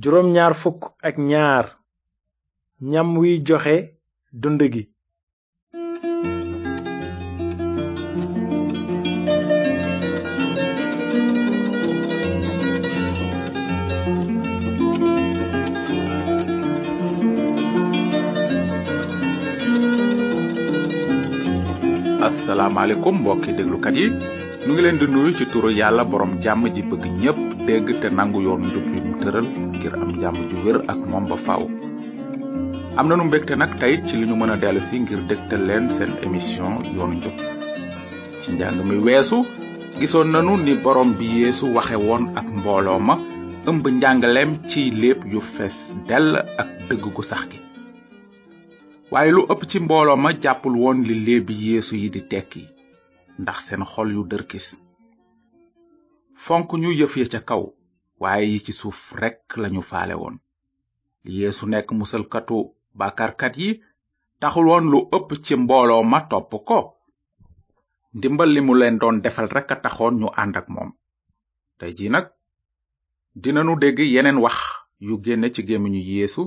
juróom ñaar fukk ak ñaar ñam wiy joxe dund gi asalaamaaleykum mbokki déglukat yi nu ngi leen di nuyu ci turu yàlla borom jàmm ji bëgg ñépp dégg te nangu yoon njub yi mu tëral ngir am jàmm ju wér ak moom ba faaw. am nanu mbégte nag tey ci li ñu mën a dellu si ngir dégtal leen seen émission yoonu njub ci njàng mi weesu gisoon nanu ni borom bi yeesu waxe woon ak mbooloo ma ëmb njàngaleem ci lépp yu fees dell ak dëgg gu sax gi waaye lu ëpp ci mbooloo ma jàppul woon li léebi yéesu yi di tekki ndax seen xol yu dërkis fonk ñu yëf ya ca kaw waaye yi ci suuf rekk lañu faale woon yéesu nekk musalkatu bàkkaarkat yi taxul woon lu ëpp ci mbooloo ma topp ko ndimbal li mu leen doon defal rekk a taxoon ñu ànd ak moom tey ji nag dinanu dégg yeneen wax yu génne ci gémmiñu yéesu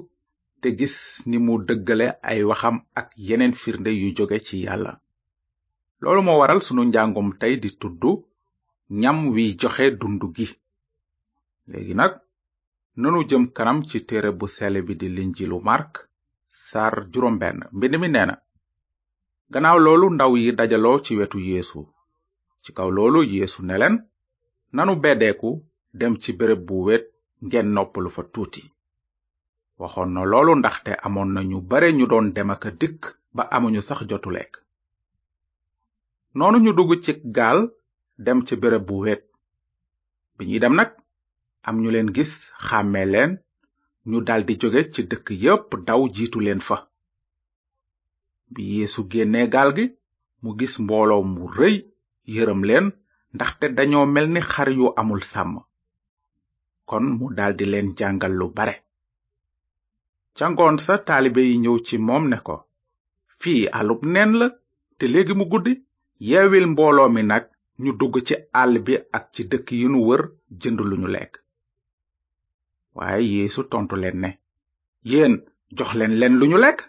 te gis ni mu dëggale ay waxam ak yeneen firnde yu jóge ci yàlla loolu moo waral sunu njàngum tey di tudd ñam wi joxe dundu gi léegi nag nanu jëm kanam ci téere bu sell bi di linjilu mark sar juróom benn mbind mi nee na gannaaw loolu ndaw yi dajaloo ci wetu yéesu ci kaw loolu yéesu ne leen nanu beddeeku dem ci béréb bu wet ngeen noppalu fa tuuti waxoon na loolu ndaxte amoon na ñu bare ñu doon dem ak a dikk ba amuñu sax jotu lekk noonu ñu dugg ci gaal dem ci bërëb bu wet bi ñu dem nag am ñu leen gis xàmme leen ñu daldi jóge ci dëkk yépp daw jiitu leen fa bi yeesu génne gaal gi mu gis mbooloo mu rëy yërëm leen ndaxte dañoo mel ni xar yu amul sàmm kon mu daldi leen jàngal lu bare ca ngoon sa taalibe yi ñëw ci moom ne ko fii àllub nen la te léegi mu guddi yeewil mbooloo mi nag ñu dugg ci àll bi ak ci dëkk yi nu wër jënd lu ñu lekk waaye yeesu tontu leen ne yéen jox leen leen ñu lekk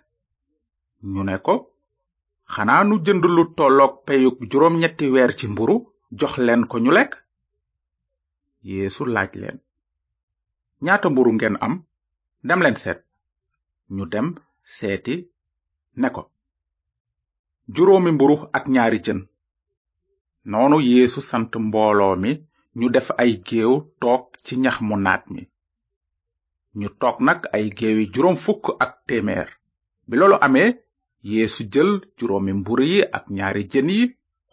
ñu ne ko xanaa nu jënd lu tollook peyug juróom ñetti weer ci mburu jox leen ko ñu lekk yeesu laaj leen ñaata mburu ngeen am dem leen seet ñu dem seeti ne ko juróomi mburu ak ñaari jën noonu yéesu sant mbooloo mi ñu def ay géew toog ci ñax mu naat mi ñu toog nag ay géewi juróom fukk ak téeméer bi loolu amee yéesu jël juróomi mburu yi ak ñaari jën yi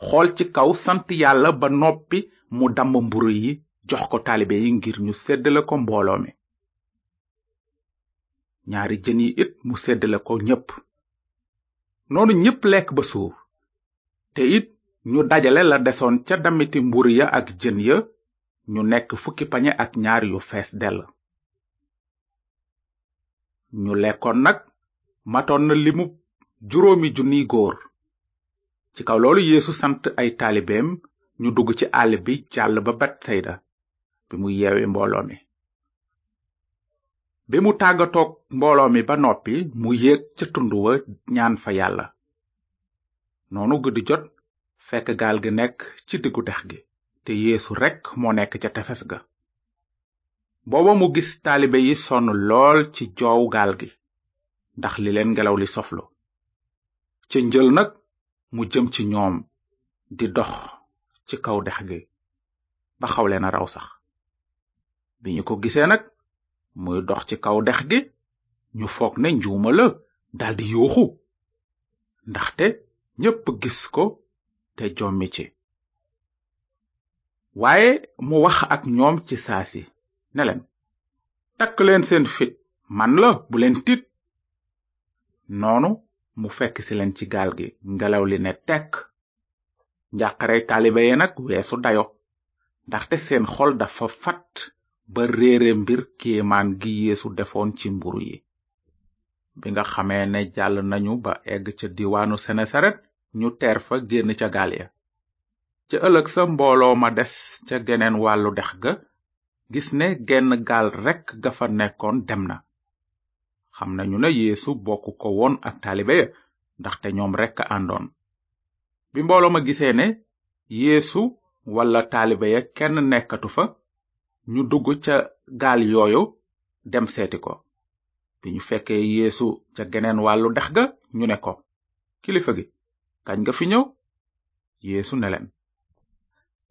xool ci kaw sant yàlla ba noppi mu damm mburu yi jox ko taalibe yi ngir ñu seddale ko mbooloo mi ñaari jën yi it mu seddale ko ñépp noonu ñépp lekk ba suur te it ñu dajale la desoon ca damiti mburu ya ak jën ya ñu nekk fukki pañe ak ñaar yu fees dell ñu lekkoon nag matoon na limu juróomi junniy góor ci kaw loolu yéesu sant ay taalibeem ñu dugg ci àll bi jàll ba betsayda bi mu yeewe mbooloo mi bi mu tàggatoog mbooloo mi ba noppi mu yéeg ca tund wa ñaan fa yàlla noonu guddi jot fekk gaal gi nekk ci diggu dex gi te yeesu rekk moo nekk ca tefes ga booba mu gis taalibe yi sonn lool ci joow gaal gi ndax li leen ngelaw li soflo ci njël nag mu jëm ci ñoom di dox ci kaw dex gi ba xaw leen a raw sax bi ñu ko gisee nag muy dox ci kaw dex gi ñu foog ne njuuma la daldi yuuxu ndaxte ñépp gis ko te jommi ci waaye mu wax ak ñoom ci saasi ne leen takk leen seen fit man la bu tit noonu mu fekk si leen ci gaal gi ngelaw li ne tekk njàqare taalibe ya nag weesu dayo ndaxte seen xool dafa fat ba réere mbir kéemaan gi yeesu defoon ci mburu yi bi nga xamee ne jàll nañu ba egg ca diwaanu senesaret ñu teer fa génn ca gaal ya ca ëllëg sa mbooloo ma des ca geneen wàllu dex ga gis ne genn gaal rekk ga fa nekkoon dem na xam na ñu ne yeesu bokk ko woon ak taalibe ya ndaxte ñoom rekk a àndoon bi mbooloo ma gisee ne yéesu walla taalibe ya kenn nekkatu fa ñu dugg ca gaal yooyu dem seeti ko bi ñu fekkee yeesu ca geneen wàllu dex ga ñu ne ko kilifa gi kañ nga fi ñëw yéesu ne leen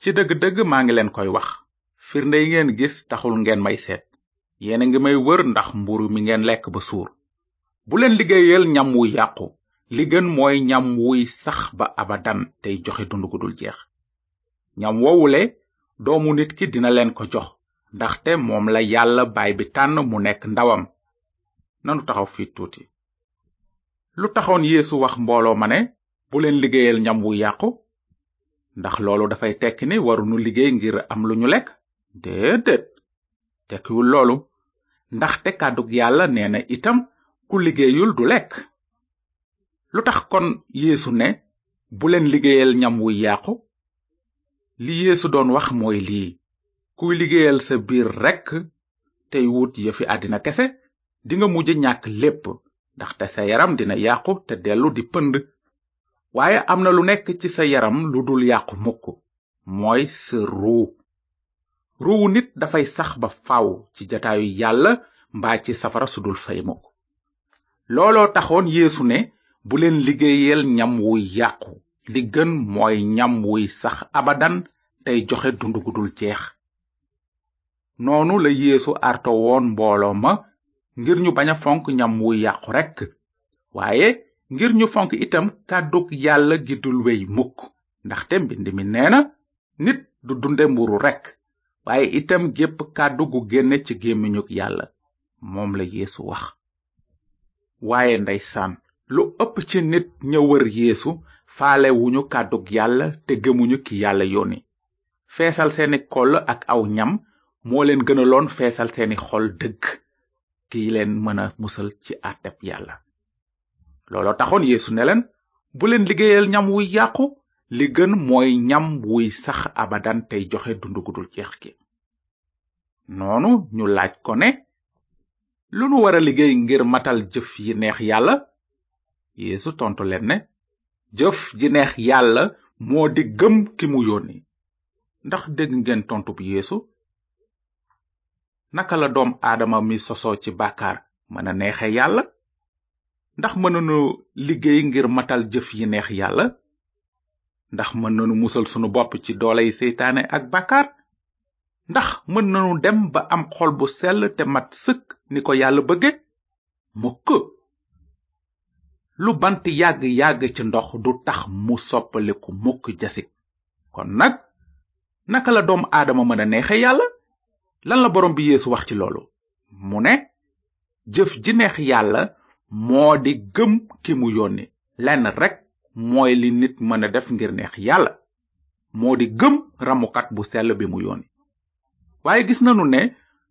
ci dëgg-dëgg maa ngi leen koy wax firnde yi ngeen gis taxul ngeen may seet yéen a ngi may wër ndax mburu mi ngeen lekk ba suur bu leen liggéeyal ñam wu yàqu li gën mooy ñam wuy sax ba abadan tey joxe dund gu dul jeex ñam woowule doomu nit ki dina leen ko jox ndaxte moom la yàlla baay bi tànn mu nekk ndawam nanu taxaw fi tuuti lu taxoon yéesu wax mbooloo ma ne bu leen liggéeyel ñam wu yàqu ndax loolu dafay tekki ne warunu liggéey ngir am lu ñu lekk déedéet tekkiwul loolu ndaxte kàddug yàlla nee na itam ku liggéeyul du lekk lu tax kon yeesu ne bu leen liggéeyal ñam wu yàqu li yeesu doon wax mooy lii ku liggéeyal sa biir rekk tey wut yëfi àddina kese dinga mujj ñàkk lépp ndaxte sa yaram dina yàqu te dellu di pënd waaye am na lu nekk ci sa yaram lu dul yàqu mukk mooy sa ruu ruuwu nit dafay sax ba faw ci jataayu yàlla mbaa ci safara su dul fay mukk looloo taxoon yéesu ne bu leen liggéeyal ñam wuy yàqu li gën mooy ñam wuy sax abadan tey joxe dund gu dul jeex noonu la yéesu arto mbooloo ma ngir ñu bañ a fonk ñam wuy yàqu rekk waaye ngir ñu fonk itam kàddug yàlla gi dul wey mukk ndaxte mbind mi nee na nit du dunde mburu rekk waaye itam gépp kàddu gu génne ci gémmiñu yàlla moom la yeesu wax waaye ndeysaan lu ëpp ci nit ña wër yeesu faale wuñu yàlla te gëmuñu ki yàlla yónni feesal seeni koll ak aw ñam moo leen gënaloon feesal seeni xol dëgg ki leen mën a musal ci àtteb yàlla looloo taxoon yeesu ne leen bu leen liggéeyal ñam wuy yàqu li gën mooy ñam wuy sax abadan tey joxe dund gudul jeex noonu ñu laaj ko ne lu nu wara liggéey ngir matal jëf yi neex yàlla yeesu tontu leen ne jëf ji neex yàlla moo di gëm ki mu yónni ndax dégg ngeen tontu bu naka la doom aadama mi sosoo ci bàkkaar mën a neexe yàlla ndax mën nanu liggéey ngir matal jëf yi neex yàlla ndax mën nanu musal sunu bopp ci doole dooley seytaane ak bàkkaar ndax mën nanu dem ba am xol bu sell te mat sëkk ni ko yàlla bëgge mukk lu bant yàgg-yàgg ci ndox du tax mu soppaliku mukk jasit kon nag naka la doom aadama mën a neexe yàlla lan la borom bi yéesu wax ci loolu mu ne jëf ji neex yàlla moo di gëm ki mu yónni lenn rekk mooy li nit mën a def ngir neex yàlla moo di gëm ramukat bu sell bi mu yónni waaye gis nanu ne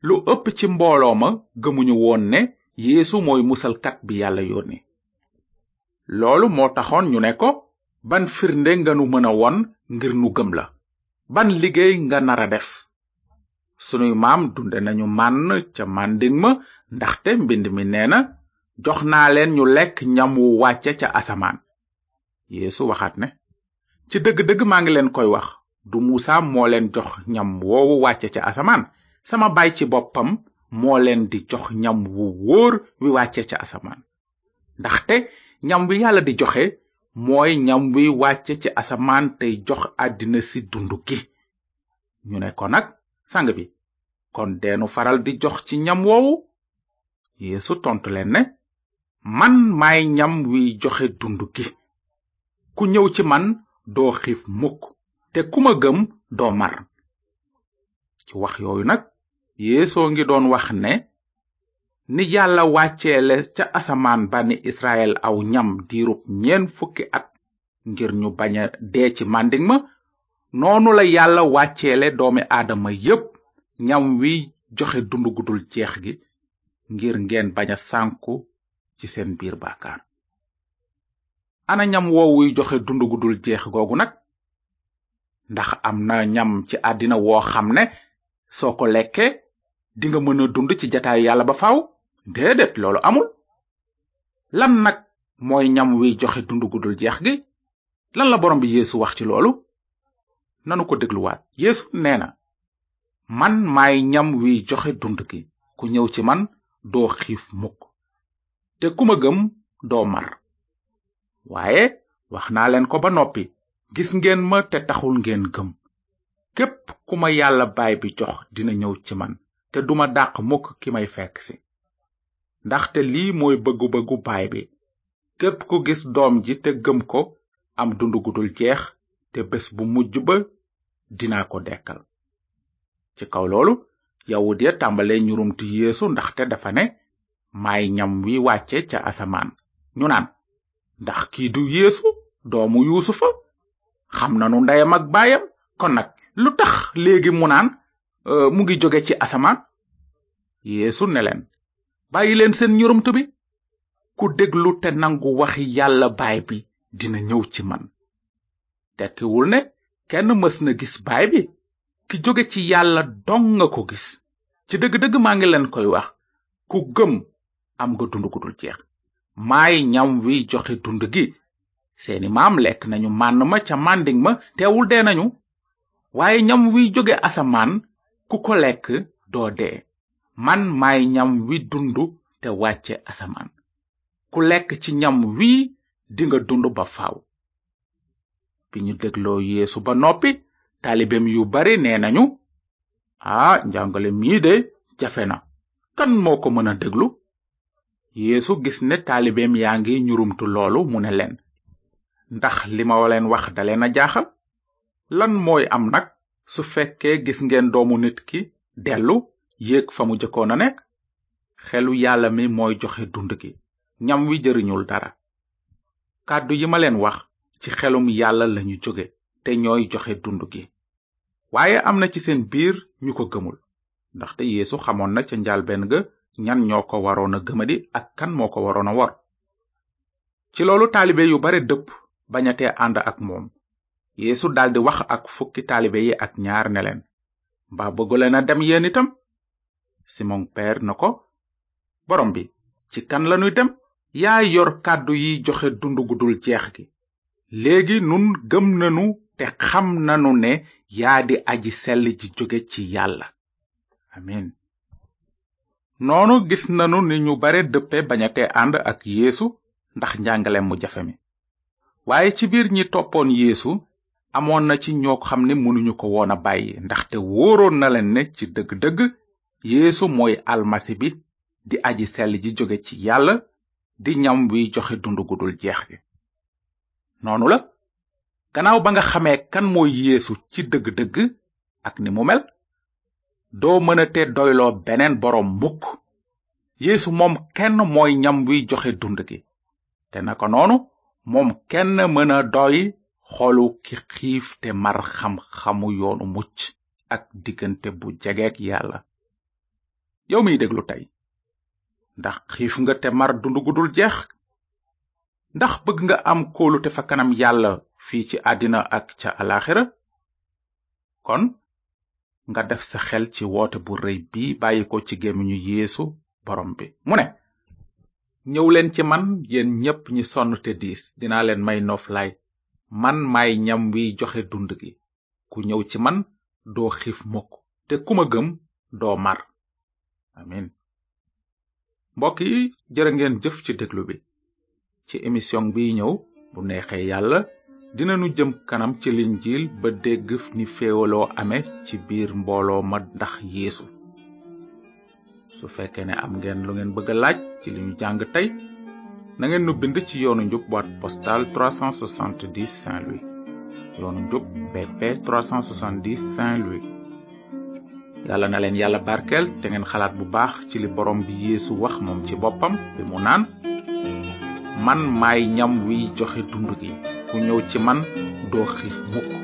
lu ëpp ci mbooloo ma gëmuñu woon ne yéesu mooy musalkat bi yàlla yónni loolu moo taxoon ñu ne ko ban firnde nga nu mën a won ngir nu gëm la ban liggéey nga nara def sunuy maam dunde nañu mànn ca màndig ma ndaxte mbind mi nee na jox naa leen ñu lekk ñam wu wàcce ca asamaan yeesu waxaat ne ci dëgg-dëgg maa ngi leen koy wax du muusa moo leen jox ñam woowu wàcce ca asamaan sama baay ci boppam moo leen di jox ñam wu wóor wi wàcce ca asamaan ndaxte ñam wi yàlla di joxe mooy ñam wi wàcce ci asamaan tey jox àddina si dund gi ñu ne ko nag sang bi kon deenu faral di jox ci ñam woowu yeesu tontu leen ne man may ñam wi joxe dund gi ku ñëw ci man doo xiif mukk te ku ma gëm doo mar ci wax yooyu nag yeesoo ngi doon wax ne ni yàlla wàcceele ca asamaan bani israel aw ñam diirub ñeen fukki at ngir ñu bañ a dee ci màndiŋ ma noonu la yàlla wàcceele doomi aadama yépp ñam wi joxe dund gudul jeex gi ngir ngeen baña a sànku ci seen biir bàkkaar ana ñam woowuy joxe dund gudul jeex googu nag ndax am na ñam ci àddina woo xam ne soo ko lekke dinga mën a dund ci jataayu yàlla ba faw déedéet loolu amul lan nag mooy ñam wiy joxe dund gu jeex gi lan la borom bi yeesu wax ci loolu nanu ko dégluwaat yeesu nee na man maay ñam wiy joxe dund gi ku ñëw ci man doo xiif mukk te ku gëm doo mar waaye wax naa leen ko ba noppi gis ngeen ma te taxul ngeen gëm képp ku ma yàlla baay bi jox dina ñëw ci man te duma dàq mukk ki may fekk si ndaxte lii mooy bëggu-bëggu baay bi képp ku gis doom ji te gëm ko am dund gudul jeex te bés bu mujj ba dina ko dekkal ci kaw loolu yawut ya tàmbale ñurumtu yeesu ndaxte dafa ne may ñam wi wàcce ca asamaan ñu naan ndax kii du yeesu doomu yuusufa xam na nu ndeyam mag baayam kon nag lu tax léegi mu naan euh, mu ngi jóge ci asamaan yeesu ne leen bàyyi leen seen ñurumtu bi ku déglu te nangu waxi yàlla baay bi dina ñëw ci man tekkiwul ne kenn mës na gis baay bi ki jóge ci yàlla dong nga ko gis ci dëgg-dëgg maa ngi leen koy wax ku gëm am nga dund gudul jeex maay ñam wi joxe dund gi seeni maam lekk nañu mànn ma ca mànding ma teewul dee nañu waaye ñam wi jóge asamaan ku ko lekk doo dee man maay ñam wi dund te wàcce asamaan ku lekk ci ñam wi dinga dund ba faaw bi ñu dégloo yeesu ba noppi taalibeem yu bari nee nañu ah njàngale mii de jafe na kan moo ko mën a yéesu gis ne taalibeem yaa ngi ñurumtu loolu mu ne leen ndax li ma leen wax daleen a jaaxal lan mooy am nag su fekkee gis ngeen doomu nit ki dellu yéeg fa mu jëkkoon a nekk xelu yàlla mi mooy joxe dund gi ñam wi jëriñul dara kàddu yi ma leen wax ci xelum yàlla lañu jóge te ñooy joxe dund gi waaye am na ci seen biir ñu ko gëmul ndaxte yeesu xamoon na ca njàlbeen ga ñan ñoo ko waroon a gëmadi ak kan moo ko waroon a wor ci loolu taalibe yu bare dëpp bañatee ànd ak moom yeesu daldi wax ak fukki taalibe yi ak ñaar ne leen mbaa bëgguleen a dem yéen itam simon peer na ko borom bi ci kan lanuy dem yaa yor kàddu yi joxe dund gu dul jeex gi léegi nun gëm nanu te xam nanu ne yaa di aji sell ji jóge ci yàlla amin noonu gis nanu ni ñu bare dëppe bañate ànd ak yéesu ndax njàngale mu jafe mi waaye ci biir ñi toppoon yéesu amoon na ci ñoo xam ne mënuñu ko woon a bàyyi ndaxte wóoroon na leen ne ci dëgg-dëgg yéesu mooy almasi bi di aji sell ji jóge ci yàlla di ñam wiy joxe dund gu dul jeex gi noonu la gannaaw ba nga xamee kan mooy yéesu ci dëgg-dëgg ak ni mu mel doo mënate doyloo beneen boroom mukk yeesu moom kenn mooy ñam wi joxe dund gi te naka noonu moom kenn mën a doy xolu ki xiif te mar xam-xamu yoonu mucc ak diggante bu jegeek yàlla yow miy déglu tey ndax xiif nga te mar dund dul jeex ndax bëgg nga am kóolute fa kanam yàlla fii ci àddina ak ca alaxira kon nga def sa xel ci woote bu rëy bi bàyyi ko ci gémmiñu yéesu boroom bi mu ne ñëw leen ci man yéen ñépp ñi sonn te diis dinaa leen may noflaay man may ñam wiy joxe dund gi ku ñëw ci man doo xiif mukk te ku gëm doo mar amin mbokk yi jërë ngeen jëf ci déglu bi ci émission bi ñëw bu neexee yàlla dina nu jëm kanam ci linjiil ba dégg ni féewaloo amee ci biir mbooloo ma ndax yeesu su fekkee ne am ngeen lu ngeen bëgg a laaj ci li ñu jàng tey na ngeen nu bind ci yoonu njub boîte postale 370 Saint-Louis yoonu njub BP 370 Saint-Louis yàlla na leen yàlla barkeel te ngeen xalaat bu baax ci li borom bi yeesu wax moom ci boppam bi mu naan man maay ñam wi joxe dund gi ku ñëw ci man doo xiif mukk